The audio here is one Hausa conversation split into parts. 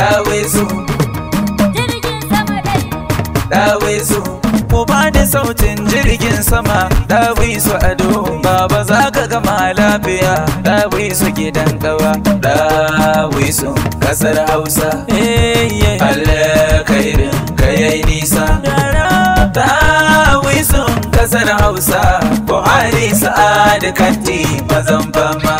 Dawisu Jirgin sama dai sautin jirgin sama Dawisu ado Baba za ka gama lafiya Dawisu gidan kawa Dawisu kasar Hausa Allah eh, kairin yi nisa Dawisu kasar Hausa Buhari sa'ad kanti mazan fama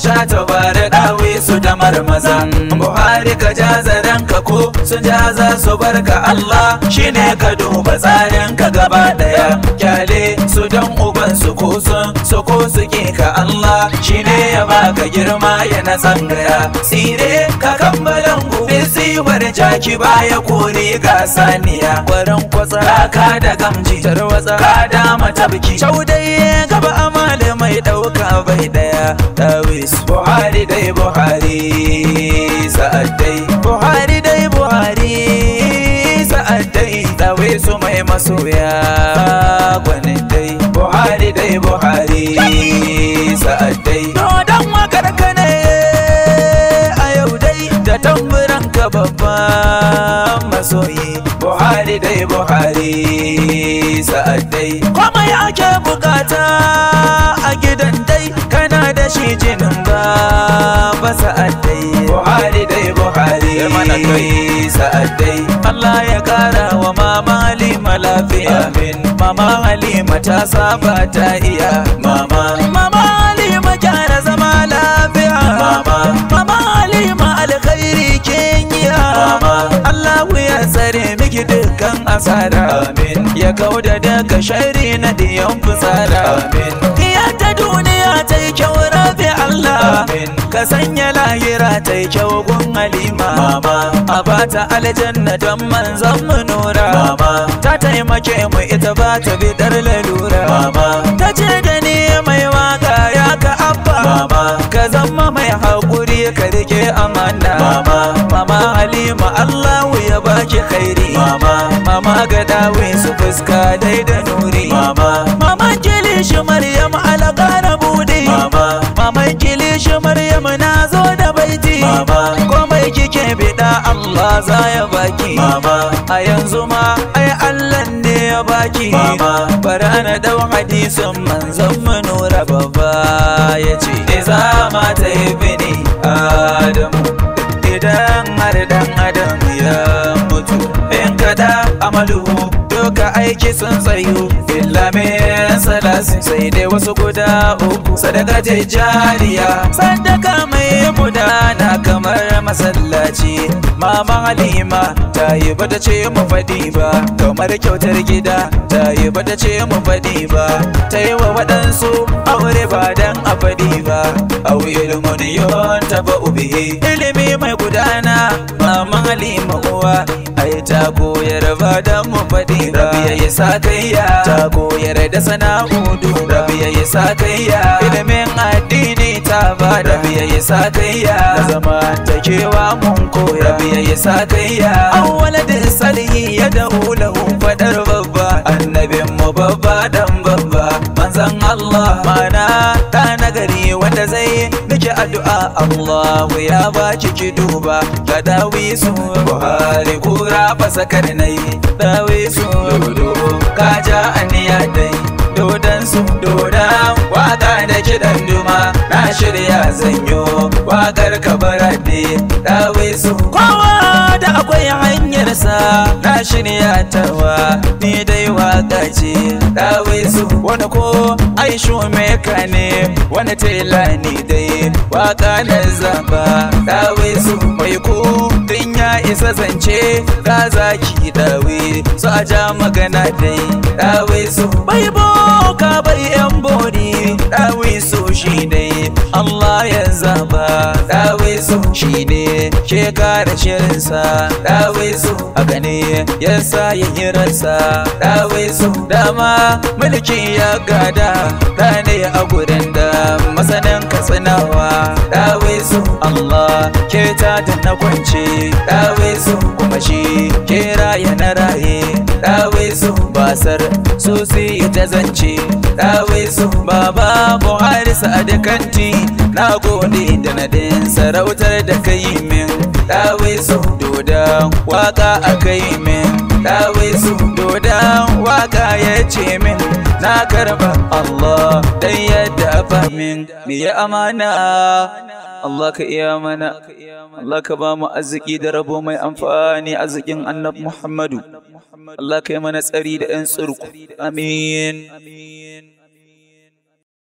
sha ta ba su da marmazan buhari ka jaza zaren ka ko su ja za su barka allah shine ka duba tsarin ka gaba daya kyale su dan uban su ko sun su ko su ke ka allah shine ya baka girma ya na sangaya sire ka kammalan gobe siwar jaki baya kore ga saniya warin kwatsa ka da gamji tarwatsa ka dama tabki chaudai gaba amma dauka bai ɗaya ɗawis buhari dai buhari sa'ad dai buhari dai buhari sa'ad dai mai masoya gwani dai buhari dai buhari sa'ad dai dodon ka ne a yau dai da tamburan ka babban masoyi buhari dai buhari sa'ad dai komai ake bukata shi jinin ba ba sa'adai buhari dai buhari mana kai sa'adai Allah ya kara wa mama halima lafiya amin mama halima ta saba ta iya mama mama halima kyara zama lafiya mama mama halima alkhairi kin mama Allah ya tsare miki dukkan asara amin ya kauda daga shari na diyan fusara amin ka sanya lahira ta yi kyau gun halima mama a bata aljanna don manzon mu nura mama ta taimake mu ita ba ta bidar lalura mama ta ce da ni mai waka ya ka abba mama ka zama mai hakuri ka rike amana mama mama halima allahu ya baki khairi mama mama ga dawin su fuska dai da nuri mama mama kilishin maryam zaya baki mama a yanzu ma ai Allah ne ya baki mama bara na dau hadisin manzon manura nura baba yace ne za ma ta yi ibni adamu idan har dan adam ya mutu in kada amaluhu duka aiki sun tsayu illa me salasi sai dai wasu guda uku sadaka jariya sadaka mai gudana kamar masallaci mama halima ta yi bata ce mu fadi ba kamar kyautar gida ta yi bata ce mu fadi ba ta yi wa waɗansu aure ba dan a fadi ba au ilmun yon ba ubihi ilimi mai gudana mama halima uwa ai ta koyar ba dan mu fadi ba rabiya ya sa ta koyar da sana'u du rabiya ya sa ilimin addini ta ba rabiya ya sa kayya zama take cewa mun koya biya ya sa an awwala da salihi ya daula fadar babba annabin mu babba dan babba manzan Allah mana ta nagari wanda zai miki addu'a Allah ya ba ki duba ka dawisu Buhari kura fasakar nayi dawisu na shirya zanyo wakar kabarade dawe su kowa da akwai hanyarsa na shirya tawa ni dai waka ce dawe su wani ko ai shumeka ne wani tela ni dai waka na zaba dawe su mai ko din ya isa zance ka zaki dawe su a ja magana dai dawe su bai boka bai yan bori dawe su shi dai ya zaba shine shi ne ke shirinsa a haka yasa ya sa ya hirarsa dawisu dama mulki ya gada ta ne a gurin da masanin katsinawa su Allah ke ta da na kwance su kuma shi ke raya na raye su basar su ta zance su baba buhari sa duka sarautar da kai min dawai su doda waka a kai min dawai su doda waka ya ce min na karba Allah dan yadda fa min me ya amana Allah ka iya mana Allah ka ba mu arziki da rabo mai amfani arzikin Annab Muhammadu Allah ka yi mana tsari da 'yan tsurku amin